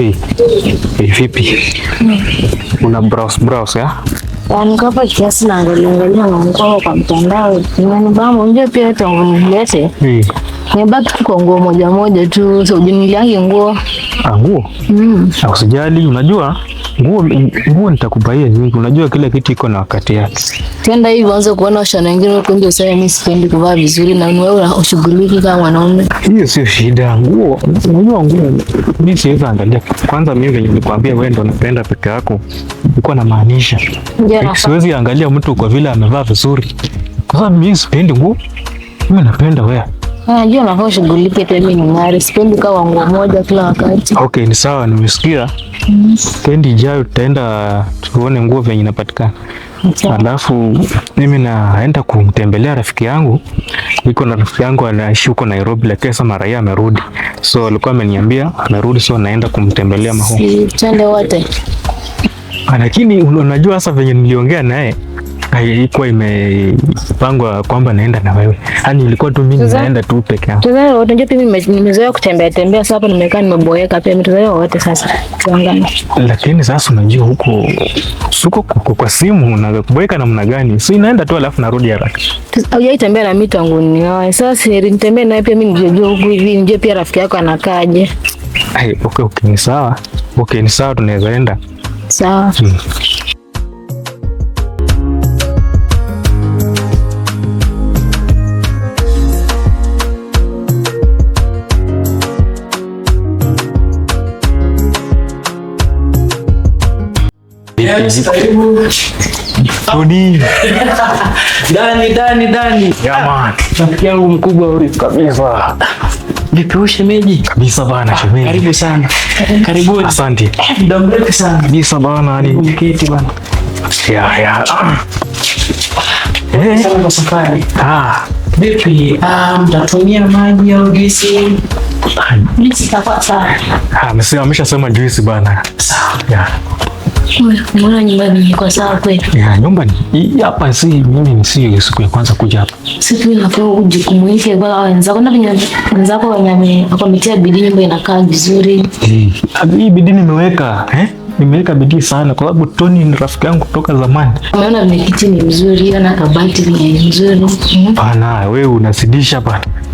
Hey, vipi? Una browse browse ya? Yaani kwa hapa kiasi na angalia angalia nguo kwa mtandao. bamu unje pia hata unilete? Mm. Nimebaki tu kwa nguo moja moja tu, so jiniliangi nguo. Ah, nguo? Mm. Usijali, unajua nguo nguo hiyo vingi. Unajua kila kitu iko na wakati yake. Tenda hivi uanze kuona washana wengine huko nje, useme mimi sipendi kuvaa vizuri, na wewe ushughuliki kama mwanaume. Hiyo sio shida. Nguo unajua, nguo mimi siweza angalia. Kwanza mimi nikwambia wewe ndo unapenda peke yako, na maanisha. siwezi angalia mtu kwa vile amevaa vizuri, kwa sababu mimi sipendi nguo, mimi napenda wewe Najua nafaa shughulike tu, mimi ni ng'ari, sipendi kawa nguo moja kila wakati. Okay, ni sawa, nimesikia. Mm. Kendi ijayo tutaenda tuone nguo venye inapatikana. Okay. Alafu mimi naenda kumtembelea rafiki yangu, iko na rafiki yangu anaishi huko Nairobi, lakini sasa mara hii amerudi, so alikuwa ameniambia amerudi, so naenda kumtembelea maho. Si, twende wote. Ah, lakini unajua sasa venye niliongea naye haikuwa imepangwa kwamba naenda na wewe, yani ilikuwa tu mimi naenda tu peke yangu. Tuzao wote unajua, mimi nimezoea kutembea tembea, sasa hapa nimekaa nimeboeka pia, tuzao wote sasa tuangane. Lakini sasa unajua huko suko kwa, kwa simu na kuboeka namna gani? Si inaenda tu alafu narudi haraka. Hujai tembea na mimi tangu ni wewe. Sasa nitembee naye pia mimi nijue huko hivi, nijue pia rafiki yako anakaje. Ai, okay, okay, ni sawa. Okay, ni sawa tunaweza enda. Sawa. Hmm. Yes, yaani karibu. Dani, Dani, Dani. Rafiki yangu mkubwa huyu kabisa. Vipi shemeji? Kabisa bana shemeji. Karibu sana. Karibuni. Asante. Muda mrefu sana. Kabisa bana yani. Mketi bana. Ya ya. Eh, sana safari. Ah. Vipi? Ah, mtatumia maji au gesi? Ah, amesema ameshasema juisi bana. Sawa. Yeah. Mbona nyumba imejikwa sawa kwetu? Ya, nyumba hii hapa si mimi si siku ya kwanza kuja hapa. Siku inapewa jukumu hili kwa wenzako na wenzako wenye wametia bidii nyumba inakaa vizuri. Eh, Hii bidii nimeweka, eh? Nimeweka bidii sana kwa sababu Tony ni rafiki yangu kutoka zamani. Unaona vile kiti ni mzuri, na kabati ni nzuri. Bana, wewe unasidisha bana.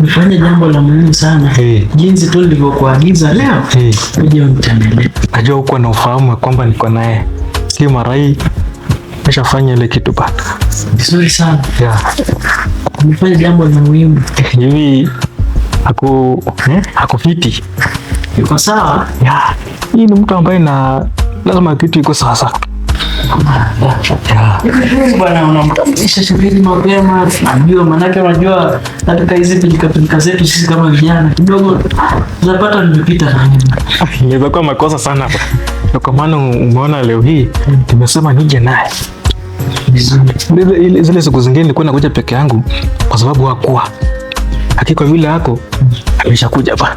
nifanye jambo la muhimu sana hey. Jinsi tu nilivyokuagiza leo hey. Uje unitembelee. Najua huko na ufahamu kwamba niko naye, si marai nishafanya ile kitu bana. Vizuri sana yeah. Nifanye jambo la muhimu eh, hivi aku eh, fiti yuko sawa yeah. Hii ni mtu ambaye na lazima kitu iko sawa Bwana unamtambulisha Shakili mapema, najua maanake, unajua katika hizi pilikapilika zetu sisi kama vijana kidogo tunapata nimepita na kuwa makosa sana na kwa maana umeona leo hii nimesema nije naye. Zile siku zingine nilikuwa nakuja peke yangu kwa sababu hakuwa hakika, vile yako ameshakuja bana.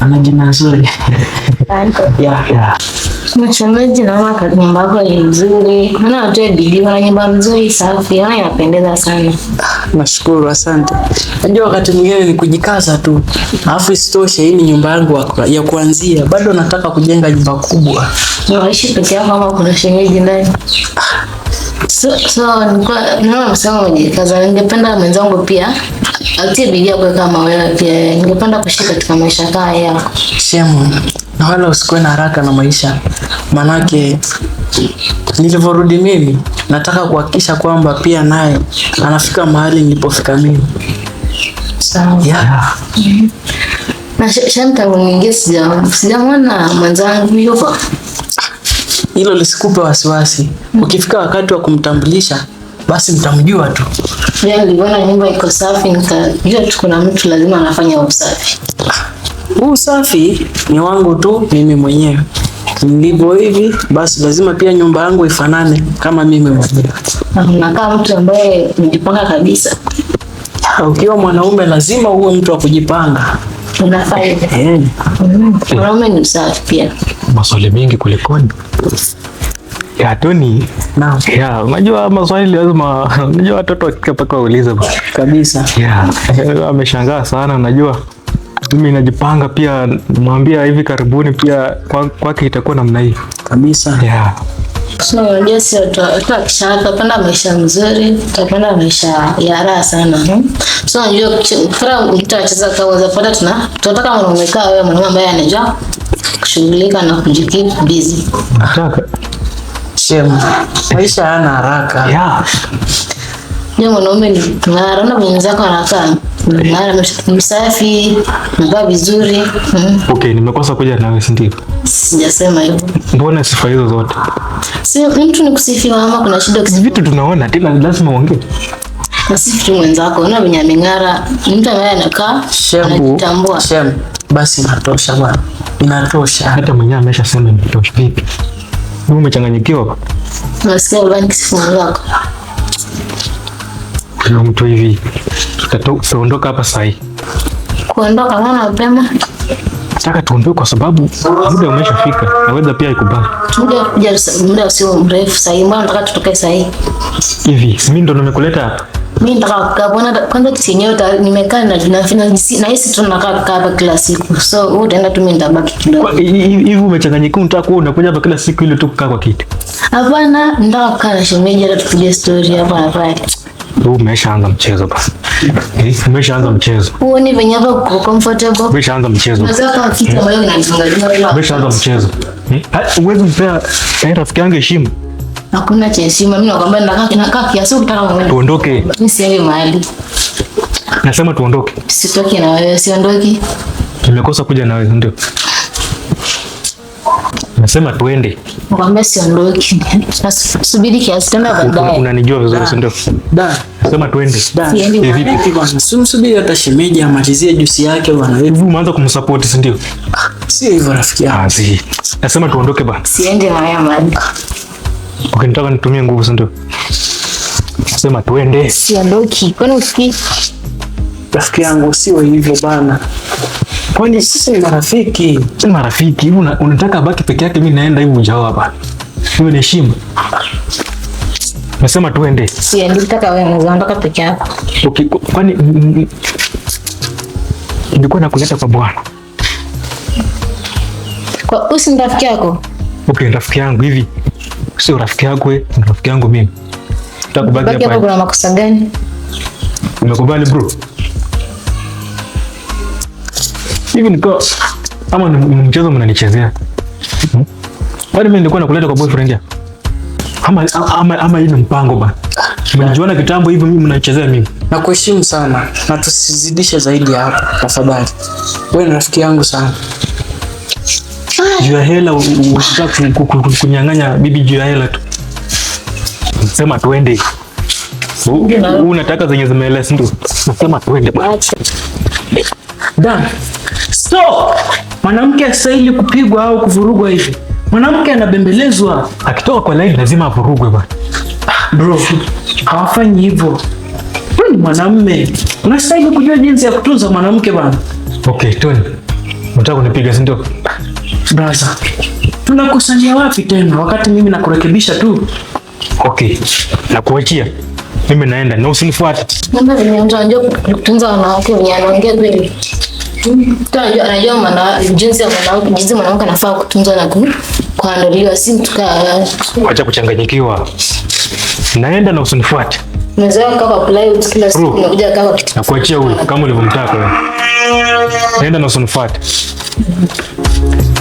ana jina zuri. Mchungaji jina nyumba yako ni nzuri. Maana watu wa bidii wana nyumba nzuri safi, yaani inapendeza sana. Nashukuru, asante. Unajua wakati mwingine ni kujikaza tu. Alafu isitoshe hii ni nyumba yangu ya kuanzia. Bado nataka kujenga nyumba kubwa. Unaishi peke yako ama kuna shemeji ndani? Ah. So, so naona msemo umejikaza. Ningependa mwenzangu pia autie bidii yako kama wewe pia ningependa kushika katika maisha kaa yako sehemu na wala usikuwe na haraka na maisha, manake nilivyorudi mimi nataka kuhakikisha kwamba pia naye anafika mahali nilipofika mimi. Sawa. Mm-hmm. Na Shanta uniingie, sijamwona mwenzangu yupo. Hilo lisikupe wasiwasi. Ukifika wakati wa kumtambulisha, basi mtamjua tu. Pia niliona nyumba iko safi, nikajua tu kuna mtu lazima anafanya usafi. Huu usafi ni wangu tu mimi mwenyewe. Nilivyo hivi basi lazima pia nyumba yangu ifanane kama mimi mwenyewe. Unakaa mtu ambaye umejipanga kabisa. Ah, ukiwa mwanaume lazima uwe mtu wa kujipanga. Unafaa. Eh. Mm, mwanaume ni usafi pia. Maswali mengi kulikoni? katuni na ya unajua maswali lazima, unajua watoto wakipaka paka kabisa ya ameshangaa sana. Unajua mimi najipanga pia, mwambia hivi karibuni pia kwake kwa itakuwa namna hii kabisa ya Unajua si watu akisha atapenda maisha mzuri, utapenda maisha ya raha sana. Hmm? So unajua kila mtu anacheza kawa pata tuna tunataka mwanaume kaa wewe, mwanaume ambaye anajua kushughulika na kujikipa busy. Nataka Shemu, maisha yana haraka. Yeah. mwanaume ni ngara na mwenzako anakaa ngara msafi, mbaya vizuri. Mm. Okay, nimekosa kuja nawe si ndio? Sijasema hivyo. Mbona sifa hizo zote? Si mtu ni kusifiwa ama kuna shida kusifiwa? Vitu tunaona tena lazima uongee. Nasifu mwenzako, unaona venye ameng'ara, mtu ambaye anakaa anajitambua. basi inatosha bwana. Inatosha. Hata mwenyewe ameshasema inatosha. Vipi? Mimi umechanganyikiwa? Nasikia ubani kisifunguka. Kuna mtu hivi. Tutaondoka hapa sasa hivi. Kuondoka mbona mapema? Nataka tuondoke kwa sababu muda umeshafika. Naweza pia ikubali. Tuje kuja muda usio mrefu sasa hivi. Mbona nataka tutoke sasa hivi? Hivi, mimi ndo nimekuleta hapa mi nataka kukaa bwana, kwanza kitu nimekaa na nahisi tu nakaa kukaa hapa kila siku, so wewe utaenda tu, mimi nitabaki hivi. Umechanganyika, unataka kuwa unakuja hapa kila siku ile tu kukaa kwa kiti? Hapana, nataka kukaa na shemeji, hata tupige story hapa na pale. Umeshaanza mchezo basi, eh, umeshaanza mchezo. Uone venye hapa uko comfortable, umeshaanza mchezo. Umeshaanza mchezo, eh, Uwezi mpea eh, rafiki yangu heshima Hakuna cha heshima. Mimi nakwambia nakaa kiasi ukitaka uende. Tuondoke. Mimi siendi mahali. Nasema tuondoke. Sitoki na wewe, siondoki. Nimekosa kuja na wewe ndio. Nasema tuende. Nakwambia siondoki. Subiri kiasi tena baadaye. Unanijua vizuri si ndio? Da. Nasema tuende. Da. Vipi bwana? Simsubiri hata shemeji amalizie juisi yake bwana. Wewe umeanza kumsupport si ndio? Si hivyo rafiki yangu. Ah, Nasema tuondoke bwana. Siende na wewe mahali. Ukinitaka nitumie nguvu, si ndio? Sema tuende. Siondoki. Kwani usikii? Rafiki yangu sio hivyo bana. Kwani sisi ni marafiki. Si marafiki. Una, unataka baki peke yake, mimi naenda hivi unja hapa. Hiyo ni heshima. Nasema tuende. Siendi, nataka wewe unaweza ondoka peke yako. Okay, kwani nilikuwa mm, mm, mm, nakuleta kwa bwana. Kwa usi rafiki yako? Okay, rafiki yangu hivi sio rafiki yako, ni rafiki yangu mimi. Utakubaki hapa. Kuna makosa gani? Nimekubali bro? Hivi niko ama ni mchezo mnanichezea? Bado hmm? mimi nilikuwa nakuleta kwa boyfriend ya. Ama ama ama hii ni mpango ba. Mnajiona kitambo hivi mimi mnachezea mimi. Nakuheshimu sana na tusizidishe zaidi hapo kwa sababu wewe ni rafiki yangu sana juu ya hela, kunyang'anya bibi juu ya hela tu. Sema twende, unataka zenye zimeelea, si ndio? Nasema twende bwana. So mwanamke astahili kupigwa au kuvurugwa hivi? Mwanamke anabembelezwa akitoka kwa laini, lazima avurugwe bwana. Bro, hawafanyi hivyo. Wewe ni mwanamume, unastahili kujua jinsi ya kutunza mwanamke bwana. Okay, Tony, unataka kunipiga si ndio? Brother, tunakusanya wapi tena wakati mimi nakurekebisha tu? Okay, nakuachia mimi, naenda na usinifuate. Mambo yameanza anjo kutunza wanawake ni anaongea kweli. Tunajua anajua maana jinsi ya wanawake jinsi mwanamke anafaa kutunzwa na kuandaliwa, si mtu kama. Acha kuchanganyikiwa. Naenda na usinifuate. Mzee wako kwa play out kila siku unakuja kama kitu. Nakuachia huyo kama ulivyomtaka wewe. Naenda na usinifuate. Mm -hmm.